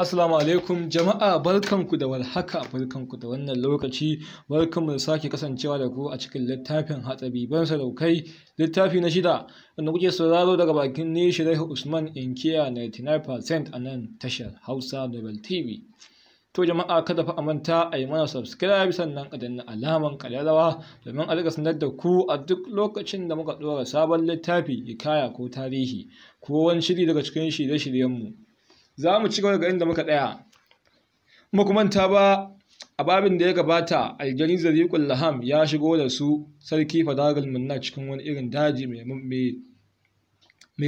Assalamu alaikum jama'a barkanku da walhaka barkanku da wannan lokaci barkan da sake kasancewa da ku a cikin littafin hatsabi ban sadaukai littafi na shida wanda kuke sauraro daga bakin ne shirai Usman Inkiya 99% a nan tashar Hausa Novel TV. To jama'a kada fa a manta a yi mana subscribe sannan a danna alaman kalalawa domin a rika sanar da ku a duk lokacin da muka ɗora sabon littafi hikaya ko tarihi ko wani shiri daga cikin shirye-shiryenmu. za mu ci gaba daga inda muka ɗaya kuma kuma ta ba a babin da ya gabata aljani zariƙul laham ya shigo da su sarki fadagal munna cikin wani irin daji mai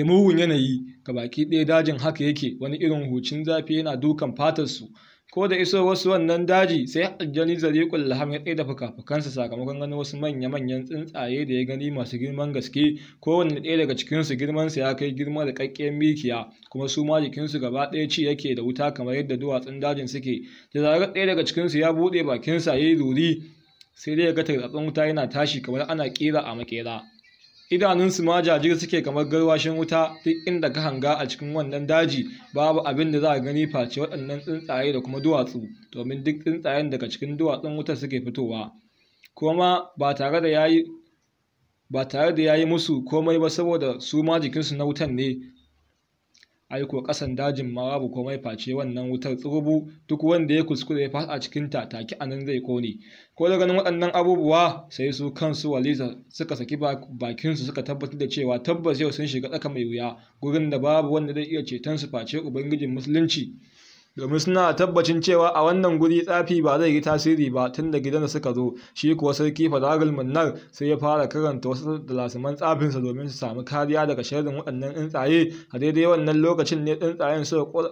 mugun yanayi ga baki ɗaya dajin haka yake wani irin hucin zafi yana dukan fatar su. ko da iso wasu wannan daji sai aljani zariƙul laham ya tsaye da fukafukansa sakamakon ganin wasu manya-manyan tsuntsaye da ya gani masu girman gaske kowane ɗaya daga cikinsu girmansa ya kai girma da ƙaƙƙen mikiya kuma su ma jikinsu gaba ɗaya ci yake da wuta kamar yadda duwatsun dajin suke da zarar ɗaya daga cikinsu ya buɗe bakinsa ya yi ruri sai dai ya ga tarzaɓin wuta yana tashi kamar ana ƙera a maƙera idanunsu ma jajir suke kamar garwashin wuta duk inda ka hanga a cikin wannan daji babu abin da za a gani face waɗannan tsuntsaye da kuma duwatsu domin duk tsuntsayen daga cikin duwatsun wuta suke fitowa kuma ba tare da yayi ba tare da yayi musu komai ba saboda su ma jikinsu na wutan ne aiko ƙasan dajin ma babu komai face wannan wutar tsurubu duk wanda ya kuskure ya fasa cikin ta take anan zai kone ko da ganin waɗannan abubuwa sai su kansu walisa suka saki bakin su suka tabbatar da cewa tabbas yau sun shiga tsaka mai wuya gurin da babu wanda zai iya ceton su face ubangijin musulunci domin suna tabbacin cewa a wannan guri tsafi ba zai yi tasiri ba tun da gidan da suka zo shi kuwa sarki fadagal munnar sai ya fara karanta wasu dalasiman tsafinsa domin su samu kariya daga shirin waɗannan tsuntsaye a daidai wannan lokacin ne tsuntsayen suka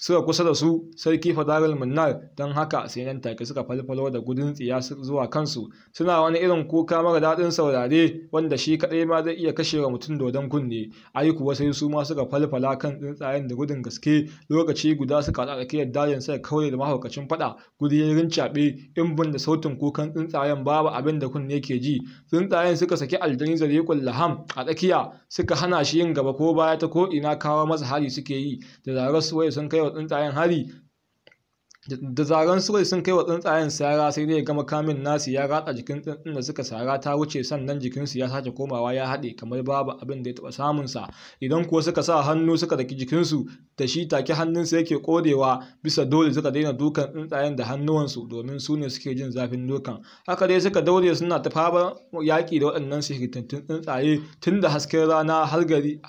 suka kusa da su sarki fadarul munnar don haka sai nan take suka falfalo da gudun tsiya zuwa kansu suna wani irin kuka mara daɗin saurare wanda shi kaɗai ma zai iya kashewa wa mutum dodon kunne ai kuwa sai su ma suka falfala kan tsuntsayen da gudun gaske lokaci guda suka haɗa yadda dajin sai kawai da mahaukacin faɗa guri ya rincaɓe in bun da sautin kukan tsuntsayen babu abin da kunne ke ji tsuntsayen suka saki aljani zariƙul laham a tsakiya suka hana shi yin gaba ko baya ta ko ina kawo masa hali suke yi da zarar suwaye sun kai tsuntsayen hari da zaren surai sun kai wa tsuntsayen sara sai dai gama kamin nasu ya ratsa jikin tsuntsun da suka sara ta wuce sannan jikinsu ya sake komawa ya haɗe kamar babu abin da ya taɓa samunsa idan kuwa suka sa hannu suka daki jikinsu da shi take hannunsa yake kodewa bisa dole suka daina dukan tsuntsayen da hannuwansu domin su ne suke jin zafin dukan haka dai suka daure suna ta fabar yaƙi da waɗannan sihirtattun tsuntsaye tun da hasken rana har gari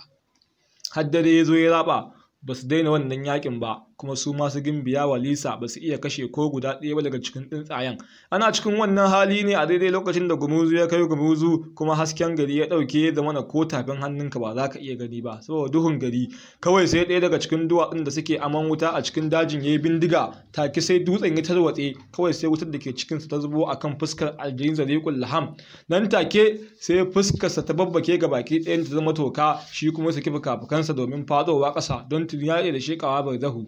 har dare ya zo ya raba ba su daina wannan yaƙin ba kuma su masu gimbiya walisa ba su iya kashe ko guda ɗaya ba daga cikin tsuntsayen ana cikin wannan hali ne a daidai lokacin da gumuzu ya kai gumuzu kuma hasken gari ya ɗauke ya mana ko tafin hannunka ba za ka iya gani ba saboda duhun gari kawai sai ɗaya daga cikin duwatsun da suke aman wuta a cikin dajin ya yi bindiga take sai dutsen ya tarwatse kawai sai wutar da ke cikinsa ta zubo a kan fuskar aljihin zariƙul laham nan take sai fuskarsa ta babbake ga baki ɗayan ta zama toka shi kuma su kifa kafukansa domin fadowa ƙasa don tuni ya da shekawa barzahu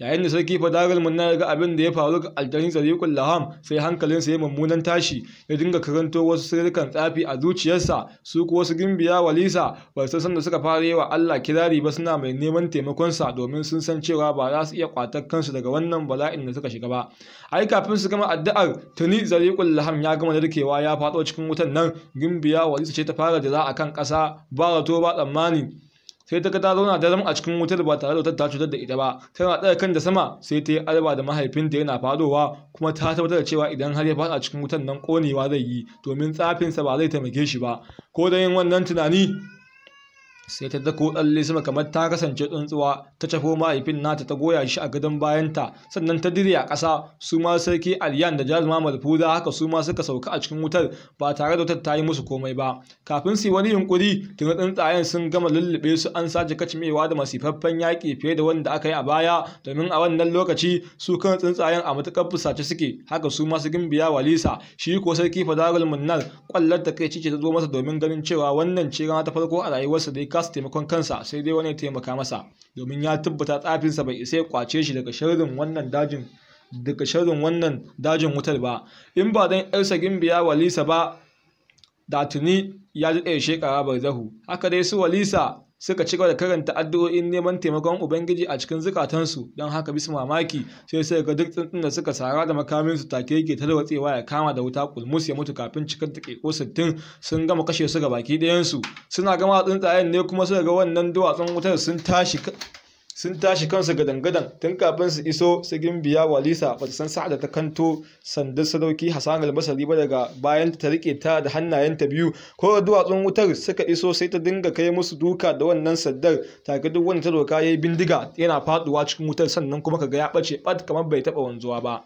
yayin da sarki fadaral munna ga abin da ya faru ga aljani tsariƙul laham sai hankalin sa ya mummunan tashi ya dinga karanto wasu sirrikan tsafi a zuciyarsa su kuwa su gimbiya walisa ba su san da suka fara yi wa Allah kirari ba suna mai neman taimakon sa domin sun san cewa ba za su iya kwatar kansu daga wannan bala'in da suka shiga ba ai kafin su gama addu'ar tuni tsariƙul laham ya gama narkewa ya faɗo cikin wutan nan gimbiya walisa ce ta fara da za a kan ƙasa ba zato ba tsammani sai ta ga ta zauna daram a cikin wutar ba tare da wutar ta cutar da ita ba tana tsaka kan da sama sai ta yi alba da mahaifinta yana fadowa kuma ta tabbatar da cewa idan har ya faɗa cikin wutar nan konewa zai yi domin tsafinsa ba zai taimake shi ba ko da yin wannan tunani sai ta dako tsalle sama kamar ta kasance tsuntsuwa ta cafo mahaifin nata ta goya shi a gadon bayanta sannan ta dire a ƙasa su ma sarki aliyan da jazma malfuda haka su ma suka sauka a cikin wutar ba tare da wutar ta yi musu komai ba kafin su yi wani yunkuri tuni tsuntsayen sun gama lullube su an sace kacimewa da masifaffen yaƙi fiye da wanda aka yi a baya domin a wannan lokaci su kan tsuntsayen a matuƙar fusace suke haka su ma su gimbiya walisa shi ko sarki fadarul munnar kwallar ta kai ce ta zo masa domin ganin cewa wannan ce rana ta farko a rayuwarsa da ya kasa taimakon kansa sai dai wani ya taimaka masa domin ya tabbata tsafinsa bai isa ya kwace shi daga sharrin wannan dajin daga sharrin wannan dajin wutar ba in ba dan yarsa gimbiya walisa ba da tuni ya ji ɗaya shekara barzahu haka dai su walisa suka ci gaba da karanta addu'o'in neman taimakon ubangiji a cikin zukatansu don haka bisa mamaki sai sai ga duk tsuntsun da suka sara da makamin su take yake dawatsewa ya kama da wuta kulmus ya mutu kafin cikar ta keko sittin sun gama kashe su ga baki su suna gama tsuntsayen ne kuma suka ga wannan duwatsun wutar sun tashi sun tashi kansu gadan-gadan tun kafin su iso sigin biya walisa ba ta san sa'ada ta kanto sandar sadauki hasan albasari ba daga bayan ta rike ta da hannayen ta biyu ko duwatsun wutar suka iso sai ta dinga kai musu duka da wannan sandar ga duk wanda ta doka yayi bindiga yana faduwa cikin wutar sannan kuma kaga ya bace bat kamar bai taba wanzuwa ba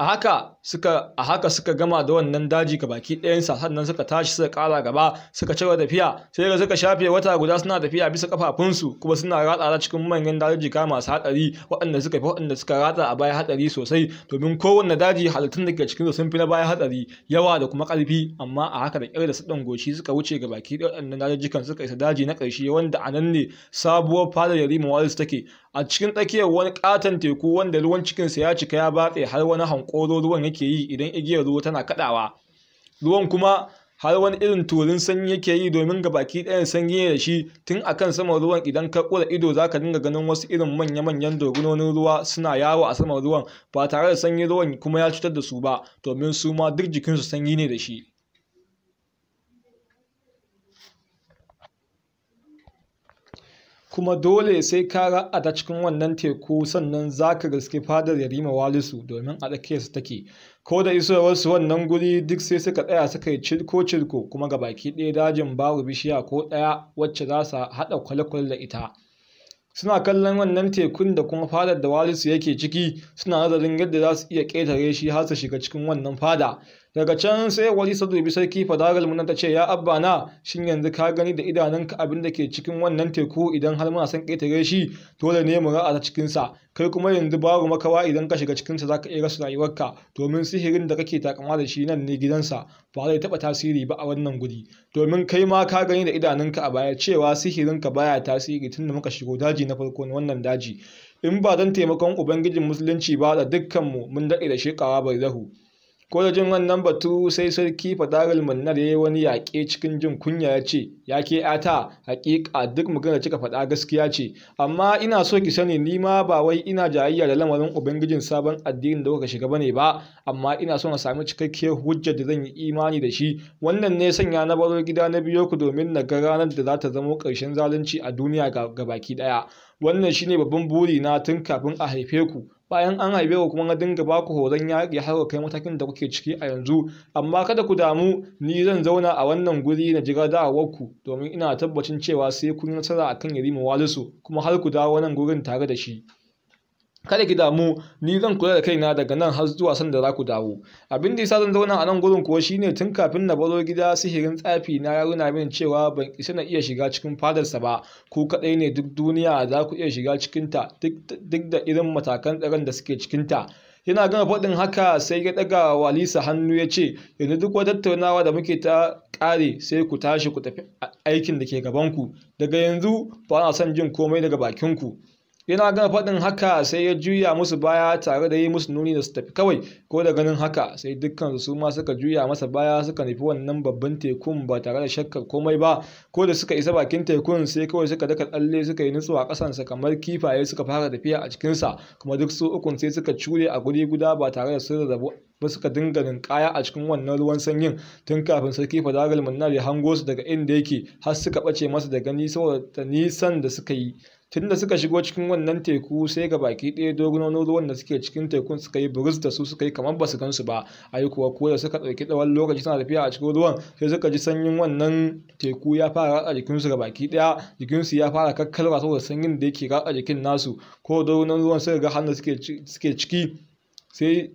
a haka suka a haka suka gama da wannan daji ga baki ɗayan sa sannan suka tashi suka ƙara gaba suka cewa tafiya sai ga suka shafe wata guda suna tafiya bisa kafafun su kuma suna ratsa cikin manyan daji ga masu hatsari waɗanda suka fi waɗanda suka ratsa a baya hatsari sosai domin kowanne daji halittun da ke cikin sun fi na baya hatsari yawa da kuma ƙarfi amma a haka da ƙyar da su ɗan goshi suka wuce ga baki waɗannan kan suka isa daji na ƙarshe wanda a nan ne sabuwar fadar yarima walis take a cikin tsakiyar wani ƙaton teku wanda ruwan cikinsa ya cika ya batse har wani hanku ƙoro ruwan yake yi idan igiyar ruwa tana kaɗawa ruwan kuma har wani irin turin sanyi yake yi domin ga baki ɗayan sanyi ne da shi tun a kan saman ruwan idan ka ƙura ido za ka dinga ganin wasu irin manya-manyan dogunonin ruwa suna yawo a saman ruwan ba tare da sanyi ruwan kuma ya cutar da su ba domin su ma duk jikinsu sanyi ne da shi kuma dole sai ka ra'ata cikin wannan teku sannan za ka gaske fadar yarima walisu domin a su take ko da isowarsu wannan guri duk sai suka tsaya suka yi cirko-cirko kuma ga baki ɗaya dajin babu bishiya ko ɗaya wacce za su haɗa kwalekwale da ita suna kallon wannan tekun da kuma fadar da walisu yake ciki suna nazarin yadda za su iya ƙetare shi har su shiga cikin wannan fada daga can sai wani dubi sarki fadaral muna ta ce ya abba na shin yanzu ka gani da idanunka abin da ke cikin wannan teku idan har muna son ƙetare shi dole ne mu ra'a ta cikinsa kai kuma yanzu babu makawa idan ka shiga cikinsa za ka iya rasa rayuwarka domin sihirin da kake takama da shi nan ne gidansa ba zai taɓa tasiri ba a wannan guri domin kai ma ka gani da idanunka a baya cewa sihirin ka baya tasiri tun da muka shigo daji na farko na wannan daji in ba don taimakon ubangijin musulunci ba da dukkanmu mun daɗe da shekawa bai zahu ko da jin wannan batu sai sarki fadarul ya yayi wani yaƙe cikin jin kunya ya ce ya ke ata haƙiƙa duk maganar cika faɗa gaskiya ce amma ina so ki sani ni ma ba wai ina jayayya da lamarin ubangijin sabon addinin da kuka shiga bane ba amma ina so na sami cikakkiyar hujjar da zan yi imani da shi wannan ne sanya na baro gida na biyo ku domin na ga ranar da za ta zamo ƙarshen zalunci a duniya ga baki ɗaya wannan shine babban burina tun kafin a haife ku bayan an haife ku kuma na dinga ba ku horon yaƙi har kai matakin da kuke ciki a yanzu amma kada ku damu ni zan zauna a wannan guri na jira ku domin ina tabbacin cewa sai kun nasara akan yarima walisu kuma har ku dawo nan gurin tare da shi kada ki damu ni zan kula da kaina daga nan har zuwa sanda za ku dawo abin da yasa zan zauna a nan gurin kuwa shine tun kafin na baro gida sihirin tsafi na ya runa min cewa ban isa na iya shiga cikin fadarsa ba ku kadai ne duk duniya za ku iya shiga cikin ta duk da irin matakan tsaron da suke cikin ta yana gama faɗin haka sai ya ɗaga walisa hannu ya ce yanzu duk wata tattaunawa da muke ta ƙare sai ku tashi ku tafi aikin da ke gabanku daga yanzu ba na son jin komai daga bakin ku. yana gama faɗin haka sai ya juya musu baya tare da yi musu nuni da su tafi kawai ko da ganin haka sai dukkan su ma suka juya masa baya suka nufi wannan babban tekun ba tare da shakkar komai ba ko da suka isa bakin tekun sai kawai suka daka tsalle suka yi nutsuwa ƙasansa kamar kifaye suka fara tafiya a cikinsa kuma duk su ukun sai suka cure a guri guda ba tare da sun rarrabu ba suka dinga ninkaya a cikin wannan ruwan sanyin tun kafin sarki fadagal munnar ya hango su daga inda yake har suka bace masa da gani saboda nisan da suka yi tun da suka shigo cikin wannan teku sai ga baki ɗaya dogunonin ruwan da suke cikin tekun suka yi buris da su suka yi kamar ba basu gansu ba ai kuwa ko da suka ɗauki tsawon lokaci suna tafiya a cikin ruwan sai suka ji sanyin wannan teku ya fara ratsa jikinsu ga baki ɗaya jikinsu ya fara kakkalwa saboda sanyin da yake ratsa jikin nasu ko dogunonin ruwan suka ga hannu suke ciki sai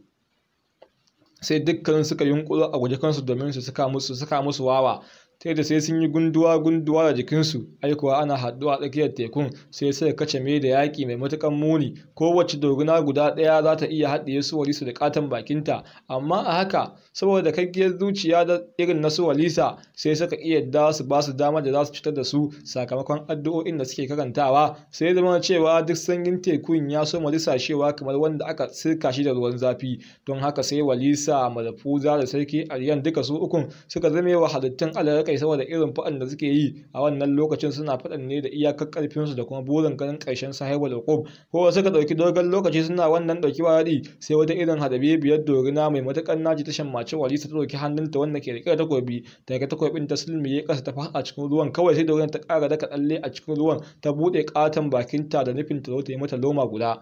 sai dukkanin suka yunkuro a guje kansu domin su saka musu wawa sai da sai sun yi gunduwa-gunduwa da jikinsu aikowa ana haɗuwa a tsakiyar tekun sai sai kace me da yaƙi mai matukan muni kowace doguna guda ɗaya za ta iya haɗiye su Walisa da ƙaton bakinta amma a haka saboda kakkiyar zuciya da irin na su Walisa sai suka iya da su ba su dama da za su fitar da su sakamakon addu'o'in da suke karantawa sai zama cewa duk sanyin tekun ya so shewa kamar wanda aka sirka shi da ruwan zafi don haka sai walisa malafuza da sarki aliyan duka su ukun suka zame wa halittun alaƙa kai saboda irin faɗan da suke yi a wannan lokacin suna faɗan ne da iyakar ƙarfinsu da kuma burin ganin ƙarshen da hukub ko suka ɗauki dogon lokaci suna wannan ɗauki wari sai wata irin hadabi biyar dorina mai matuƙar naji tashin mace wali ta ɗauki hannunta wanda ke riƙe da takobi daga takobin ta ya ƙasa ta faɗa cikin ruwan kawai sai dorina ta ƙara daka tsalle a cikin ruwan ta buɗe ƙaton bakinta da nufin ta zo ta yi mata loma guda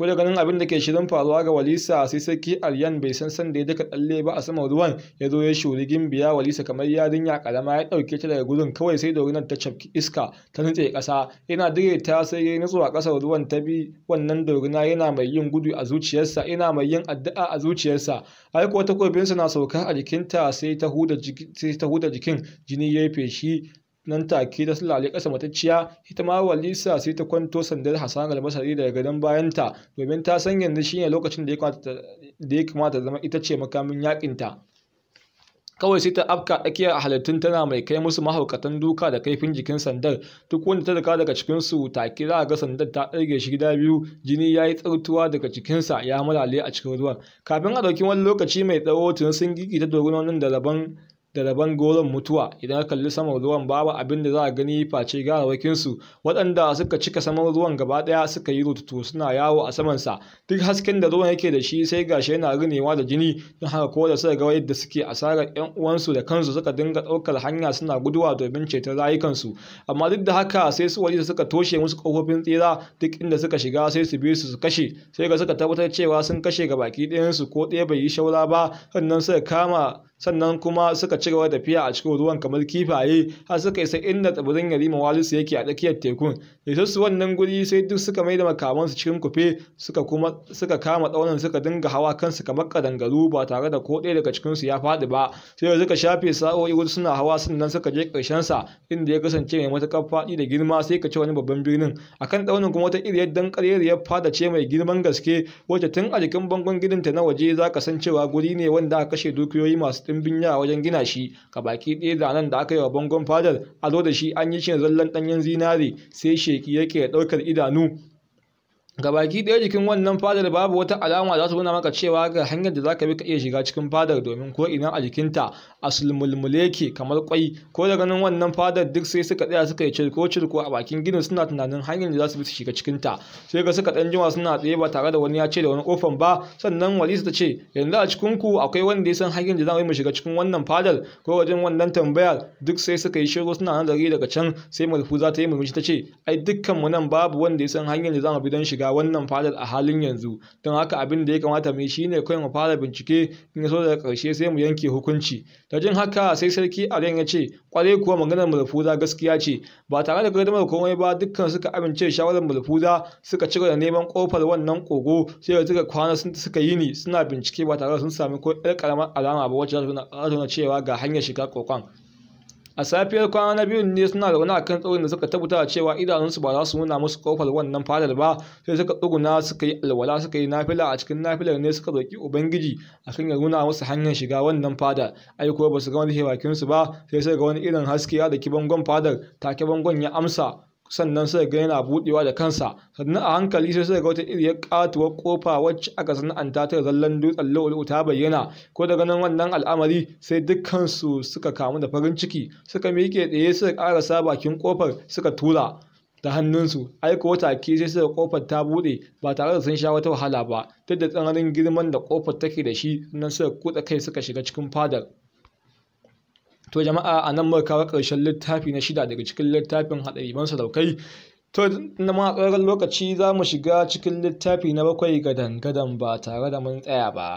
ko da ganin abin da ke shirin faruwa ga walisa sai sarki aryan bai san san da ya daka tsalle ba a saman ruwan ya zo ya shuri gimbiya walisa kamar yarinya karama ya dauke ta daga gurin kawai sai dorinar ta cafki iska ta nutse kasa ina dire ta sai ya nutsuwa kasar ruwan ta bi wannan dorina yana mai yin gudu a zuciyarsa yana mai yin addu'a a zuciyarsa ai kuwa takobinsa na sauka a jikinta sai ta huda jikin jini ya yi feshi nan take ta sulale ƙasa matacciya ita ma walisa sai ta kwanto sandar hasan almasari daga gadon bayanta domin ta san yanzu shine lokacin da ya kamata zama ita ce makamin yakinta kawai sai ta afka tsakiyar halittun tana mai kai musu mahaukatan duka da kaifin jikin sandar duk wanda ta rika daga cikinsu take za a ga sandar ta ɗarge shi gida biyu jini ya yi tsartuwa daga cikinsa ya malale a cikin ruwan kafin a ɗauki wani lokaci mai tsawo tun sun gigi ta dogononin da rabon da rabon goron mutuwa idan ka kalli saman ruwan babu abin da za a gani face garawakinsu waɗanda suka cika saman ruwan gaba ɗaya suka yi rututu suna yawo a samansa duk hasken da ruwan yake da shi sai gashi yana rinewa da jini don haka ko da suka ga yadda suke asarar ƴan uwansu da kansu suka dinga ɗaukar hanya suna guduwa domin ceton rayukansu amma duk da haka sai su waje suka toshe musu ƙofofin tsira duk inda suka shiga sai su bi su su kashe sai ga suka tabbatar cewa sun kashe gabaki baki ɗayansu ko ɗaya bai yi shaura ba sannan suka kama sannan kuma suka ci gaba tafiya a cikin ruwan kamar kifaye har suka isa inda tsibirin yarima walisu yake a tsakiyar tekun da su wannan guri sai duk suka maida makamansu cikin kufe suka kuma suka kama tsaunin suka dinga hawa kansu kamar kadangaru ba tare da ko ɗaya daga cikinsu ya faɗi ba sai da suka shafe sa'o'i wasu suna hawa sannan suka je sa, inda ya kasance mai matuƙar faɗi da girma sai ka ci wani babban birnin akan tsaunin kuma wata iriyar danƙareriyar fada ce mai girman gaske wacce tun a jikin bangon gidanta na waje za ka san cewa guri ne wanda aka kashe dukiyoyi masu ɗimbin yara wajen gina shi ga baki ɗaya zanen da aka yi wa bangon fadar a zo da shi an yi shi zallan ɗanyen zinare sai sheki yake ɗaukar idanu ga baki ɗaya jikin wannan fadar babu wata alama za su nuna maka cewa ga hanyar da za ka bi ka iya shiga cikin fadar domin ko ina a jikinta a sulmulmule ke kamar kwai ko da ganin wannan fadar duk sai suka tsaya suka yi cirko-cirko a bakin ginin suna tunanin hanyar da za su bi su shiga cikin ta sai ga suka dan jima suna tsaye ba tare da wani ya ce da wani kofan ba sannan walisa ta ce yanzu a cikin ku akwai wanda ya san hanyar da za mu shiga cikin wannan fadar ko wajen wannan tambayar duk sai suka yi shiru suna nazari daga can sai malfuza ta yi murmushi ta ce ai dukkan mu nan babu wanda ya san hanyar da za mu bi don shiga wannan fadar a halin yanzu don haka abin da ya kamata mu yi shine kawai mu fara bincike in so daga ƙarshe sai mu yanke hukunci da jin haka sai sarki Alen ya ce kwarai kuwa maganar Mulfuza gaskiya ce ba tare da gardamar komai ba dukkan suka amince shawarar Mulfuza suka ci da neman kofar wannan kogo sai da suka kwana suka yi ni suna bincike ba tare da sun sami ko yar karamar alama ba wacce za su nuna cewa ga hanyar shiga kokon a safiyar kwana na biyun ne suna rauna kan tsaurin da suka tabbata cewa idanunsu ba za su nuna musu kofar wannan fadar ba sai suka tsuguna suka yi alwala suka yi nafila a cikin nafilar ne suka roki ubangiji a kan ya nuna musu hanyar shiga wannan fadar ai kuwa ba su ga wani bakinsu ba sai sai ga wani irin haske ya daki bangon fadar take bangon ya amsa sannan sai ga yana buɗewa da kansa sannan a hankali sai sai ga wata iriyar katuwar kofa wacce aka sana'anta ta zallan dutsen lawal ta bayyana ko daga nan wannan al'amari sai dukkan su suka kamu da farin ciki suka miƙe tsaye suka ƙarasa bakin kofar suka tura da hannunsu Ai ko wata ke sai sai kofar ta buɗe ba tare da sun sha wata wahala ba duk da tsananin girman da kofar take da shi sannan suka kuɗa kai suka shiga cikin fadar to jama'a a nan muka kawo ƙarshen littafi na shida daga cikin littafin haɗariban sadaukai to na ma tsoron lokaci za mu shiga cikin littafi na bakwai gadan gadan ba tare da mun tsaya ba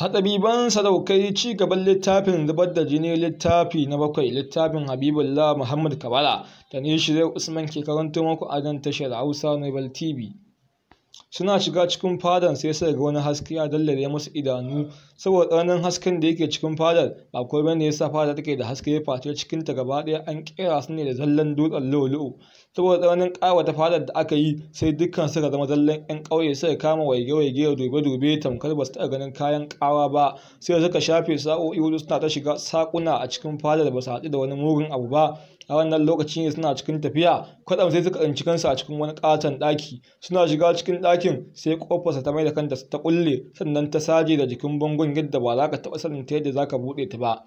haɗabiban sadaukai ci gaban littafin zubar da jini littafi na bakwai littafin habibullah muhammad kabala da ne shirya usman ke karanto muku a nan tashar hausa nobel tv suna shiga cikin fadar sai suka ga wani haske ya dallare musu idanu saboda tsananin hasken da yake cikin fadar ba bane ne yasa fadar take da haske face cikin ta gaba ɗaya an kera su ne da zallan dutsen lu'ulu'u saboda tsananin ƙawata fadar da aka yi sai dukkan suka zama zallan ƴan ƙauye suka kama waige-waige da dube-dube tamkar ba su taɓa ganin kayan ƙawa ba sai suka shafe sa'o'i wasu suna ta shiga saƙuna a cikin fadar ba su haɗu da wani mugun abu ba a wannan lokacin ne suna cikin tafiya kwaɗam sai suka tsinci kansu a cikin wani ƙaton ɗaki suna shiga cikin ɗakin sai ƙofarsa ta mai da kanta ta ƙulle sannan ta saje da jikin bangon yadda ba za ka taɓa sanin ta yadda za ka buɗe ta ba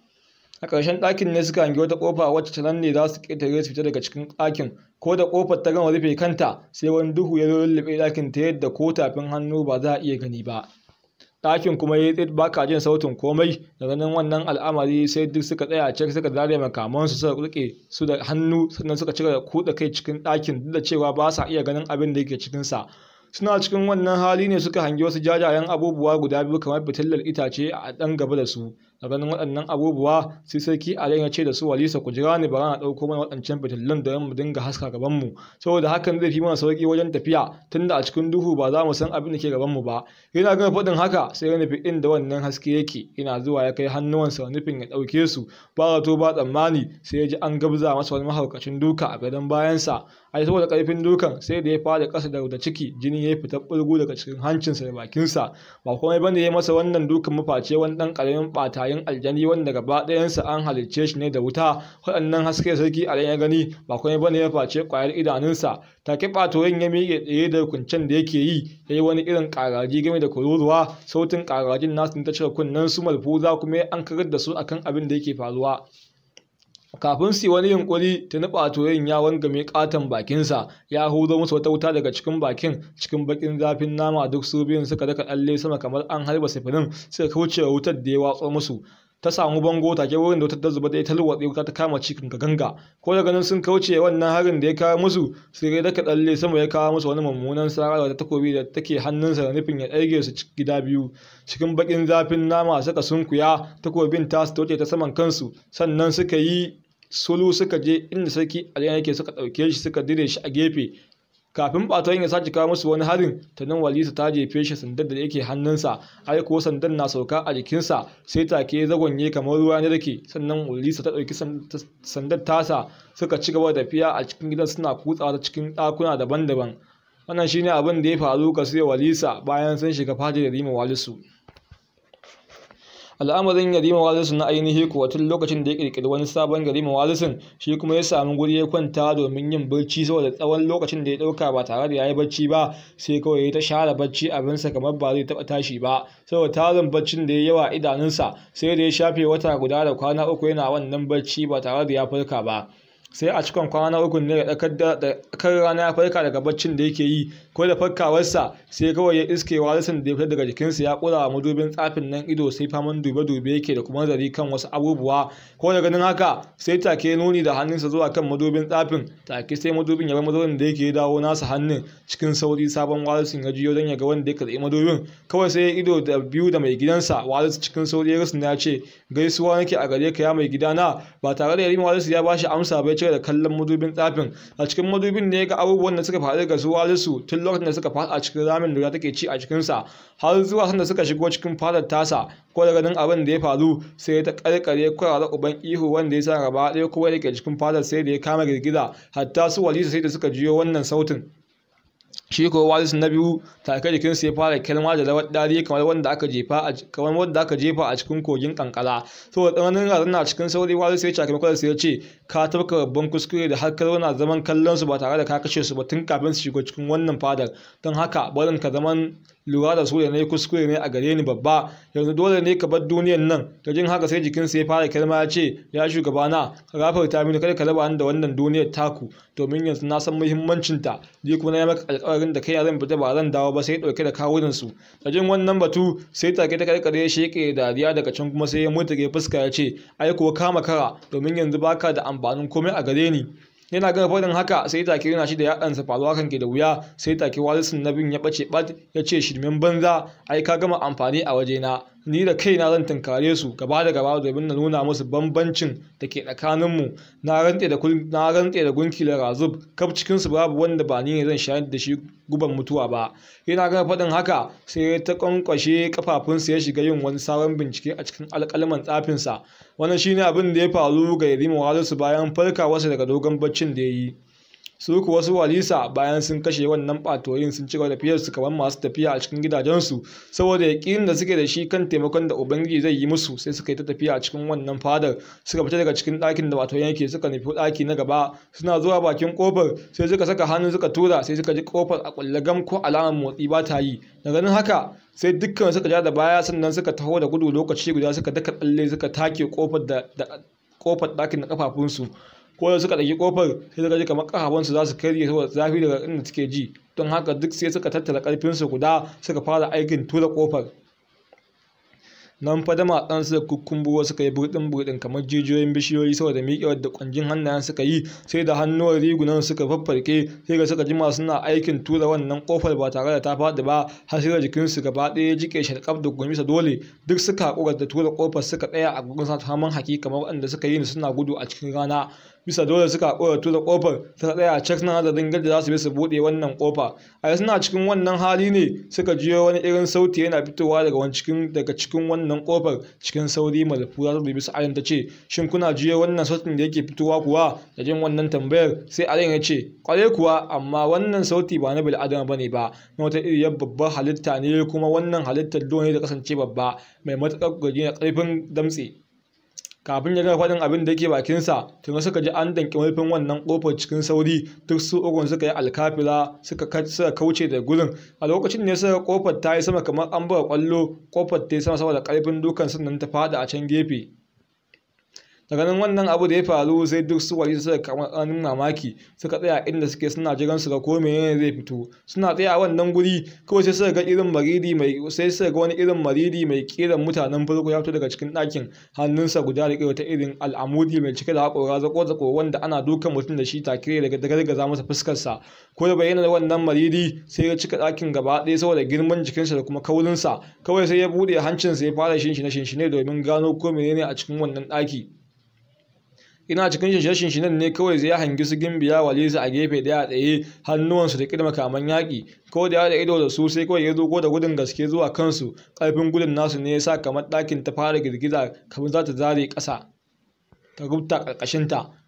a ƙarshen ɗakin ne suka hangi wata ƙofa wacce ta nan ne za su ƙetare su fita daga cikin ɗakin ko da ƙofar ta gama rufe kanta sai wani duhu ya zo lullube ɗakin ta yadda ko tafin hannu ba za a iya gani ba ɗakin kuma ya tsit ba ka jin sautin komai da ganin wannan al'amari sai duk suka tsaya cikin suka zare su suka rike su da hannu sannan suka cika da kuɗa kai cikin ɗakin duk da cewa ba sa iya ganin abin da yake cikin sa suna cikin wannan hali ne suka hangi wasu jajayen abubuwa guda biyu kamar fitilar itace a ɗan gaba da su ganin waɗannan abubuwa sai sarki alayin ya ce da su walisa ku jira ni bara na ɗauko mana waɗancan fitillun da mu dinga haska gaban mu saboda hakan zai fi mana sauki wajen tafiya tunda a cikin duhu ba za mu san abin da ke gaban mu ba yana ga faɗin haka sai ya nufi da wannan haske yake yana zuwa ya kai hannuwansa nufin ya ɗauke su ba zato ba tsammani sai ya ji an gabza masa wani mahaukacin duka a gadon bayansa ai saboda ƙarfin dukan sai da ya fada ƙasa da ciki jini ya fita ɓulgu daga cikin hancinsa da bakinsa ba komai bane ya masa wannan dukan maface wani ɗan ƙaramin ɓata rayin aljani wanda gaba ɗayansa an halicce shi ne da wuta waɗannan haske sarki a ya gani ba kuma ba ya face ƙwayar idanunsa ta take ɓatoyin ya miƙe tsaye da kuncen da yake yi ya yi wani irin ƙaraji game da kururuwa sautin ƙarajin nasu ta cika kunnen su malfuza kuma an karar da su akan abin da yake faruwa kafin su yi wani yunkuri ta ɓatoyin ya wangame katon bakinsa ya hudo musu wata wuta daga cikin bakin cikin bakin zafin nama duk su biyun suka daka tsalle sama kamar an harba sifirin suka kauce wa wutar da ya watsa musu ta samu bango take wurin da wata ta zuba da ta lwatse wuta ta kama cikin ka ganga ko da ganin sun kauce wannan harin da ya kawo musu sai dai daga dalle sama ya kawo musu wani mummunan sara da takobi da take hannunsa da nufin ya ɗage su gida biyu cikin bakin zafin nama suka sunkuya takobin ta su ta saman kansu sannan suka yi sulu suka je inda sarki a yake suka ɗauke shi suka dire shi a gefe kafin ɓatayin ya sake kawo musu wani harin ta nan walisa ta jefe shi sandar da yake hannunsa har kuwa sandar na sauka a jikinsa sai take zagonye kamar ruwa ne rake, sannan walisa ta ɗauki sandar tasa suka ci gaba da tafiya a cikin gidan suna kutsawa ta cikin ɗakuna daban-daban wannan shine abin da ya faru ka sai walisa bayan sun shiga fadar rima walisu al'amarin yarima warisun na ainihi kuwa tun lokacin da ya kirkiri wani sabon yarima warisun shi kuma ya samu guri ya kwanta domin yin barci saboda tsawon lokacin da ya ɗauka ba tare da ya yi barci ba sai kawai ya ta share barci abinsa kamar ba zai taɓa tashi ba saboda tarin barcin da ya yawa idanunsa sai da ya shafe wata guda da kwana uku yana wannan barci ba tare da ya farka ba sai a cikin kwana uku ne da kar rana ya farka daga baccin da yake yi ko da farkawarsa sai kawai ya iske warisan da ya fita daga jikinsa ya kura wa madubin tsafin nan ido sai faman dube-dube yake da kuma zari kan wasu abubuwa ko da ganin haka sai take nuni da hannunsa zuwa kan madubin tsafin take sai madubin ya bar madubin da yake dawo nasa hannun cikin sauri sabon warisan ya jiyo don ya ga wanda ya karɓi madubin kawai sai ya ido da biyu da mai gidansa waris cikin sauri ya rasu ya ce gaisuwa nake a gare ka ya mai gidana ba tare da yarima waris ya bashi amsa ba ce da kallon madubin tsafin a cikin madubin ne ga abubuwan da suka faru ga su tun lokacin da suka fada a cikin ramin da take ci a cikin sa har zuwa sanda suka shigo cikin fadar tasa ko da ganin abin da ya faru sai ta karkare da uban ihu wanda ya sa gaba ɗaya kowa yake cikin fadar sai da ya kama girgiza hatta su walisa sai da suka jiyo wannan sautin shi ko walis na biyu take jikin ya fara kalma da rawar dare kamar wanda aka jefa a kamar wanda aka jefa a cikin kogin kankara saboda tsananin razana cikin sauri walis ya cakami sai ya ce ka tafka babban kuskure da har karuna zaman kallon su ba tare da ka kashe su ba tun kafin su shigo cikin wannan fadar don haka barin ka zaman lura da su da nayi kuskure ne a gare ni babba yanzu dole ne ka bar duniyar nan ta jin haka sai jikin ya fara kalma ya ce ya shugabana ka gafarta mini kada ka raba ni da wannan duniyar taku domin yanzu na san muhimmancinta ni kuma na yi maka alƙawari garin da kai zan fita ba zan dawo ba sai dauke da kawunan su da jin wannan batu sai take ta karkare sheke dariya daga can kuma sai ya mutuke fuska ya ce ai ko kama kara domin yanzu baka da amfanin komai a gare ni yana gama faɗin haka sai take yana shi da sa faruwa kan ke da wuya sai take walisin nabin ya bace bat ya ce shirmen banza ai ka gama amfani a waje na. ni da kaina zan tunkare su gaba da gaba domin na nuna musu bambancin da ke tsakaninmu na rantse da gunki da razub kaf cikinsu babu wanda ba ni ne zan shayar da shi guban mutuwa ba yana ga faɗin haka sai ya ta kwankwashe kafafunsa ya shiga yin wani sabon bincike a cikin alƙalman tsafinsa wannan shine abin da ya faru ga yarima walisu bayan farkawarsa daga dogon baccin da ya yi su kuwa su walisa bayan sun kashe wannan batoyin sun cigaba da fiyar su kamar masu tafiya a cikin gidajensu saboda yaƙin da suke da shi kan taimakon da ubangiji zai yi musu sai suka yi ta tafiya a cikin wannan fadar suka fita daga cikin ɗakin da batoyin yake suka nufi ɗaki na gaba suna zuwa bakin ƙofar sai suka saka hannu suka tura sai suka ji ƙofar a kulle gam ko alamar motsi ba ta yi da ganin haka sai dukkan suka ja da baya sannan suka taho da gudu lokaci guda suka daka tsalle suka take kofar da ƙofar ɗakin da ƙafafunsu ko da suka ɗauki ƙofar sai suka ji kamar ƙafafunsu za su karye saboda zafi daga inda suke ji don haka duk sai suka tattara ƙarfinsu guda suka fara aikin tura ƙofar. nan fa da matsansu da kukkumbuwa suka yi burɗin burɗin kamar jijiyoyin bishiyoyi saboda miƙewar da ƙwanjin hannayen suka yi sai da hannuwar rigunan suka faffarke sai da suka jima suna aikin tura wannan ƙofar ba tare da ta faɗi ba har sai da jikinsu gaba ɗaya jike sharkaf da gumisa dole duk suka haƙura da tura ƙofar suka tsaya a gurin sa haman haki kamar waɗanda suka yi suna gudu a cikin rana bisa dole suka haƙura tura ƙofar ta tsaya a cak na adadin yadda za su bi su buɗe wannan ƙofa a suna cikin wannan hali ne suka jiyo wani irin sauti yana fitowa daga wani cikin wannan ƙofar cikin sauri malafu za su dubi su ta ce shin kuna jiyo wannan sautin da yake fitowa kuwa da jin wannan tambayar sai arin ya ce ƙware kuwa amma wannan sauti ba na bil'adama ba ne ba na wata iriyar babbar halitta ne kuma wannan halittar dole ne ta kasance babba mai matuƙar gajiya ƙarfin damtse kafin ya ga faɗin abin da yake bakinsa tuni suka ji an danki murfin wannan ƙofar cikin sauri duk su ugun suka yi alkafila suka kauce da gurin a lokacin ne suka ƙofar ta yi sama kamar an buga ƙwallo ƙofar ta yi sama saboda ƙarfin dukan sannan ta fada a can gefe daga wannan abu da ya faru sai duk su wali suka kamarin mamaki suka tsaya inda suke suna jiran su ga ko menene zai fito suna tsaya wannan guri kawai sai suka ga irin maridi mai sai suka ga wani irin maridi mai kiran mutanen farko ya fito daga cikin ɗakin hannunsa guda da ta irin al'amudi mai cike da haƙora zako zako wanda ana dukan mutum da shi take daga gargaza masa fuskarsa ko da bayyana wannan maridi sai ya cika ɗakin gaba ɗaya saboda girman jikinsa da kuma kaulinsa kawai sai ya buɗe hancinsa ya fara shinshine shinshine domin gano ko menene a cikin wannan ɗaki ina cikin shirye shi ne kawai zai hangi su gimbiya walisa a gefe daya tsaye hannuwansu da kirma makaman yaki ko da da ido da su sai kawai ya zo ko da gudun gaske zuwa kansu ƙarfin gudun nasu ne ya sa kamar ɗakin ta fara girgiza kamar za ta zare ƙasa ta rubuta ƙarƙashinta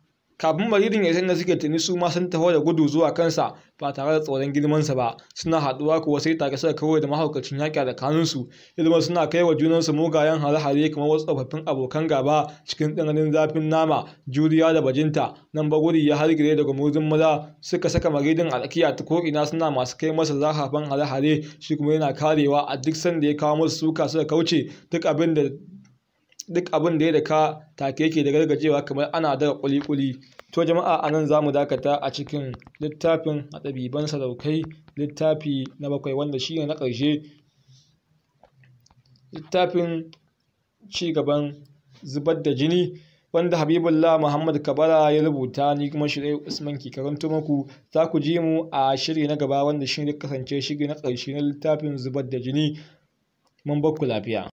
kafin maririn ya san da suke tuni su ma sun taho da gudu zuwa kansa ba tare da tsoron girmansa ba suna haɗuwa kuwa sai tare suka kawai da mahaukacin yaƙi da su ilma suna kai wa junansu mugayen hare-hare kamar wasu tsofaffin abokan gaba cikin tsananin zafin nama juriya da bajinta nan guri ya hargire da gumurzun maza suka saka maridin a tsakiya ta ina suna masu kai masa zahafan hare-hare shi kuma yana karewa a duk sanda ya kawo musu suka suka kauce duk abin da duk abin da ya daka take yake da gargajewa kamar ana daga kuli to jama'a a nan za mu dakata a cikin littafin a ɗabiban sadaukai littafi na bakwai wanda shi ne na ƙarshe littafin ci gaban zubar da jini wanda Habibullah Muhammad Kabara ya rubuta ni kuma Shirya Usman ke karanto muku za ku ji mu a shiri na gaba wanda shi ne kasance shiri na ƙarshe na littafin zubar da jini mun bakku lafiya